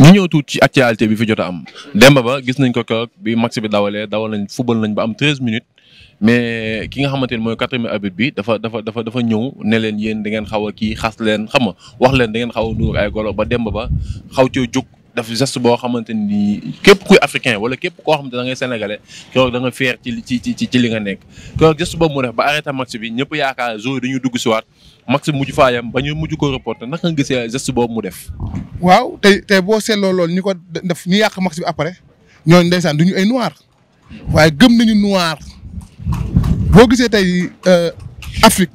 ñu ñëw tuuti ci actualité bi fi jot a am Demba Ba gis nañ ko keroog bi match bi dawalee dawal nañ football nañ ba am treize minutes mais ki nga xamante ni mooy quatrième arbitre bi dafa dafa dafa dafa ñëw ne leen yéen da ngeen xaw a kii xas leen xam nga wax leen da ngeen xaw a nuur ay golo ba Demba Ba xaw coo jóg dafa geste boo xamante ni képp kuy africain wala képp koo xamante da ngay sénégalais keroog da nga fier ci ci ci ci li nga nekk keroog geste boobu mu def ba arrêté match bi ñëpp yaakaar joueurs waat match bi mujj faa yem ba ñu mujj ko reporté naka nga gisee geste boobu mu def. waaw tey tey boo seetloo loolu ñu ko def ñu yàq match bi après ñooñu ndeysaan du ñu ay noir waaye gëm nañu noir boo gisee tey euh, Afrique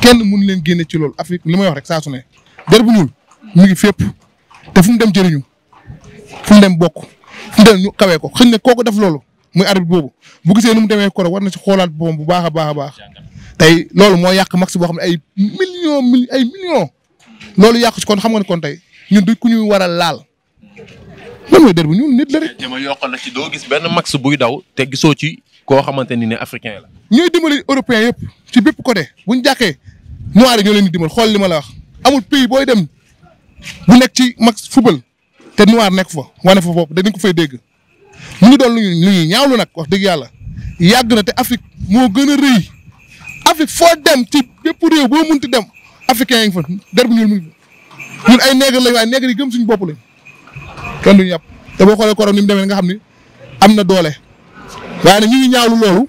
kenn mënu leen génne ci loolu Afrique li ma wax rek saa su ne der bu ñuul mu ngi fépp te fu dem jëriñu fu mu dem bokk fu mu dem ñu kawee ko xëñ ne kooku def loolu muy arbitre boobu bu gisee nu mu demee koro war na ci xoolaat boppam bu baax a baax a baax tey loolu moo yàq max boo xam ne ay millions loolu yàq ci kon xam nga ne kon tey ñun du ku ñuy war laal. lan mooy der bu ñun nit la yokkal la ci gis benn max buy daw te gisoo ci koo xamante ni ne africain la. ñooy dimbali européen yëpp ci bépp côté bu ñu jàkkee noir yi ñoo leen di dimbal xool li ma la wax amul pays booy dem bu nekk ci max football te noir nekk foo wane foo bopp dañ ko fay dégg mu ngi doon lu ñuy ñaawlu nag wax dëgg yàlla yàgg na te Afrique moo gën a rëy Afrique foo dem ci bépp réew boo munti dem africain yi nga fa der bu ñuul mu ñun ay néegar lañ waaye néegar gëm suñu bopp lañ kenn duñu yàpp te boo xoolee korom ni mu demee nga xam ni am na doole waaye nag ñu ngi ñaawlu loolu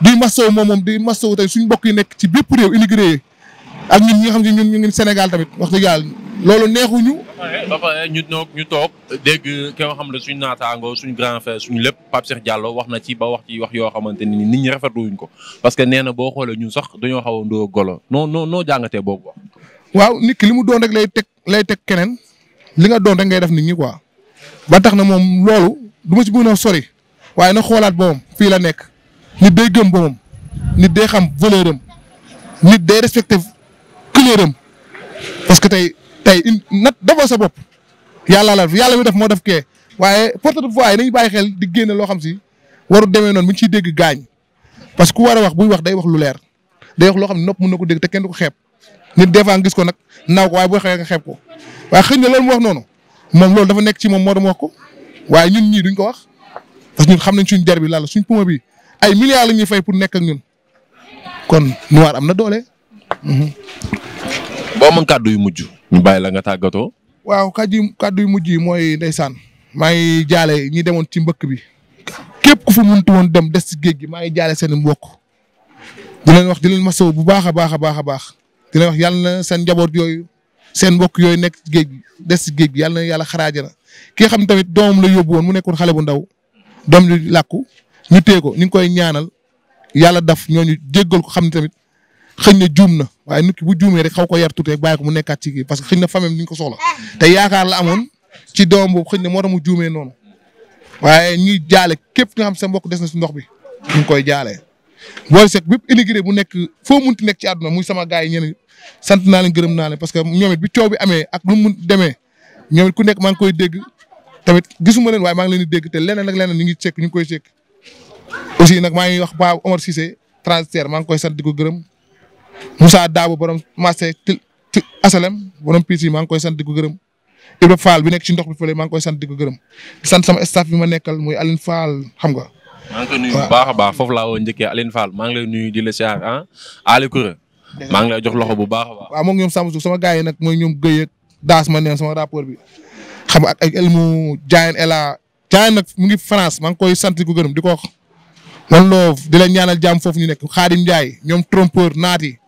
di masawu moom moom di masawu tey suñu mbokk yi nekk ci bépp réew immigré ak ñun ñi nga xam ne ñun ñu ngi Sénégal tamit wax dëgg loolu neexuñu. ba ñu toog ñu toog dégg ki nga xam ne suñu naataango suñu grand frère suñu lépp Pape Cheikh Diallo wax na ci ba wax ci wax yoo xamante ni nit ñi rafetluwuñ ko parce que nee na boo xoolee ñun sax dañoo xaw a ndóo golo noo noo noo jàngatee boobu waaw nit ki li mu doon rek lay teg lay teg keneen li nga doon rek ngay def nit ñi quoi ba tax na moom loolu duma ma ci mën sori waaye na xoolaat moom fii la nekk nit day gëm moom nit day xam valeur am nit day respecté couleur am parce que tey nat defoo sa bopp yàlla la yàlla mi def moo def kee waaye porte de voix yi nañu bàyyi xel di génne loo xam si waru demee noonu mu ngi ciy dégg gaañ parce que ku war a wax buy wax day wax lu leer day wax loo xam ne nopp mun na ko dégg te kenn du ko xeeb nit des fois gis ko nag naaw ko waaye boo xewee ko waaye xëy na loolu mu wax noonu moom loolu dafa nekk ci moom moo doon wax ko waaye ñun ñii duñ ko wax parce que ñun xam nañ suñ der bi lan la suñ puma bi ay milliards la ñuy fay pour nekk ak ñun kon noir am na doole. Mhm. boo amoon kàddu yu mujj ñu bàyyi la nga tàggatoo. waaw kàddu yu kàddu yu mujj yi mooy ndeysaan maa ngi jaale ñu demoon ci mbëkk bi képp ku fa mënut woon dem des ci géej gi maa ngi jaale seen mbokk di leen wax di leen masaw bu baax a baax a baax a baax di leen na seen njaboot yooyu seen mbokk yooyu nekk ci géej gi des ci géej gi na yàlla xaraajana ki nga xam tamit doomam la yóbbu woon mu nekkoon xale bu ndaw doom ñu làkku ñu téye ko ni koy ñaanal yàlla daf ñooñu jéggal ko xam ne tamit xëñ na juum na waaye nit ki bu juumee rek xaw ko yar tuuti rek bàyyi ko mu nekkaat ci kii parce que xëy na famem ni ko soxla te yaakaar la amoon ci doom boobu xëy na moo tax mu juumee noonu waaye ñuy jaale képp nga xam sa mbokk des na si ndox bi ñu ngi koy jaalee boole seeg bépp immigré bu nekk foo munti nekk ci àdduna muy sama gars yi ñeneen sant naa leen gërëm naan parce que ñoom it bi coow bi amee ak lu mu demee ñoom ku nekk maa ngi koy dégg tamit gisuma leen waaye maa ngi leen di dégg te leneen ak leneen ñu ngi cekk ñu ngi koy cekk aussi nag maa ngi wax Paa Omar Cissé transitaire maa ngi koy sant di ko gërëm Moussa Daabo borom marché asalem borom piis yi maa ngi koy sant di ko gërëm Ibra Fall bi nekk ci ndox bi fële maa ngi koy sant di ko gërëm di sant ma nekkal muy Aline xam nga. a baax foofu laa woo njëkkee Aline Fall maa ngi lay nuyu di la siyaar ah. maa ngi lay jox loxo bu baax a baax. waaw moom ñoom Samba yi nag mooy ñoom Guèye ak Daas ma neen sama rapport bi xam ak ak Elmu Diagne Ela Diagne nag mu ngi France maa ngi koy sant di ko gërëm di ko wax. man loo di la ñaanal jàmm foofu ñu nekk Xaadim Ndiaye ñoom trompeur naati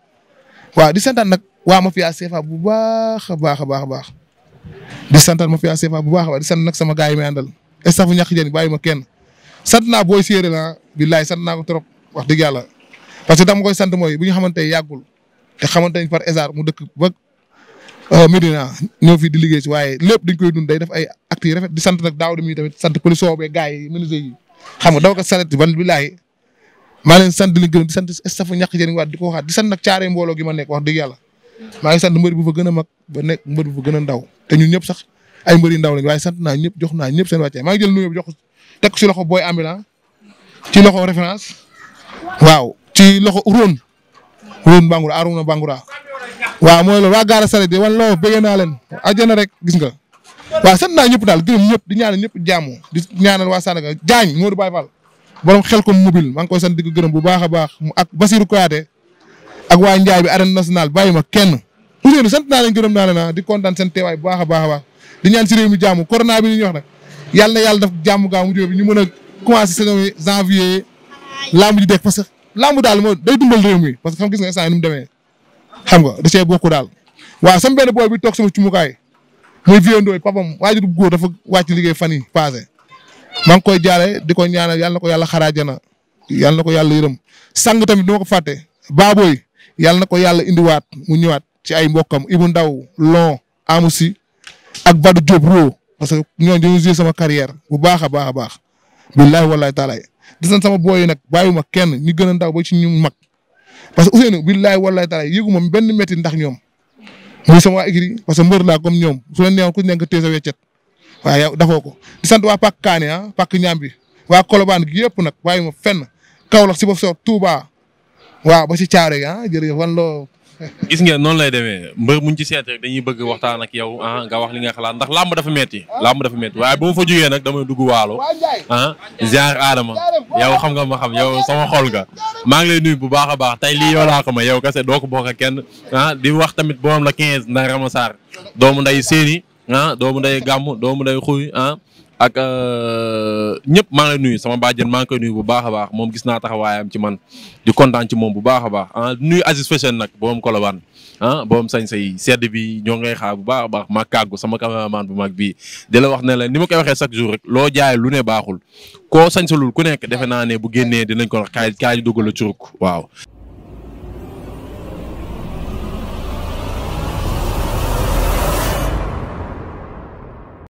waaw di santaan nag waa Mafia CFA bu baax a baax a baax a baax di santaan Mafia CFA bu baax a baax di sant nag sama gars yi may àndal staff ñàkk jën baay ma kenn sant naa booy séeréer la billaay sant naa trop wax dëgg yàlla parce que dama koy sant mooy bu ñu xamante yàggul te xamante ne par hasard mu dëkk ba euh, Medina ñëw fii di liggéey si waaye lépp dañ koy dund day def ay actes yu rafet di sant nag daaw de mi tamit sant police soobee gars yi menuisier yi daw ko saret ban maa leen sant di leen gërëm di sant stafu ñàkk jëriñ waat di ko waxaat di sant nag caaree mbooloo gi ma nekk wax dëgg yàlla maa ngi sant mbër bu fa gën a mag ba nekk mbër bu fa gën a ndaw te ñun ñëpp sax ay mbër yu ndaw lañ waaye sant naa ñëpp jox naa ñëpp seen wàcce maa ngi jël nuyoo bi jox teg ci loxo booy ambulant ci loxo référence waaw ci loxo róon róon bangura aruna bangura waaw mooy loolu waa gaara sare di wan loo bëggee naa leen ajjana rek gis nga waaw sant naa ñëpp daal gërëm ñëpp di ñaanal ñëpp jàmm di ñaanal waa Sandaga jaañ Modou Baye Fall boro xel ko mobile maa ngi sant di ko gërëm bu baax a baax mu ak Basirou Kouyaté ak waa Njaay bi arène nationale bàyyi ma kenn. Ousseynou sant naa leen gërëm naa leen ah, di kontaan sant teewaay bu baax a baax a baax di ñaan si réew mi jàmm corona bi li ñuy wax nag yàlla na yàlla def jàmm gaaw mu jóge bi ñu mën a commencé saison bi parce que làmb daal moo day dundal réew mi parce que xam gis nga instant yi ni mu demee xam nga da cee bokk daal. waaw sama benn boy bi toog sama cumukaay muy viandoo papam waajur dafa wàcc liggéey fan yi maa ngi koy jaale di ko ñaanal yàlla ko yàlla xaraajana yàlla na ko yàlla yërëm sang tamit du ko fàtte baabooy yàlla na ko yàlla indiwaat mu ñëwaat ci ay mbokkam Ibou Ndaw Lon Amusi ak Badou Diop Ro parce que ñooñu dañuy jouer sama carrière bu baax a baax a baax. billaahi wallaahi taalaay des na sama booy yi nag ma kenn ñu gën a ndaw ba ci ñu mag parce que Ousseynou billaahi wallaahi taalaay yëguma benn méti ndax ñoom muy a waa parce que mbër laa comme ñoom ku nekk téye sa waaye yow dafoo ko di sant waa Pàkk Kaane ah Pàkk bi waa Kolobaan gi yëpp nag waaye moom fenn Kaolack si bopp soob Touba waaw ba si caare gi ah jërëjëf loo. gis ngeen noonu lay demee mbër muñ ci seet rek dañuy bëgg waxtaan ak yow ah, nga wax li nga xalaat ndax làmb dafa metti làmb dafa metti waaye bu ma fa jógee nag damay dugg waalo ah ziar aadama yow xam nga ma xam yow sama xol nga maa ngi lay nuyu bu baax a baax tey lii yow laa ko ma yow kese doo ko bokk kenn ah di wax tamit borom la 15 ndax Rama Sarr doomu nday ah doomu ndey gàmm doomu day xuy ah. ak euh, ñëpp maa ngi nuyu sama bàjjen maa ngi koy nuyu bu baax a baax moom gis naa taxawaayam ci man di kontaan ci moom bu baax a baax ah nuyu Aziz Fashion nag boom Colobane ah boom sañ say sedd bi ñoo ngay xaar bu baax a baax ma kàggu sama cameraman bu mag bii di la wax ne la ni ma koy waxee chaque jour rek loo jaay lu ne baaxul koo sañsalul ku nekk defe naa ne bu génnee dinañ ko wax kaay kaay ñu dugal la curug waaw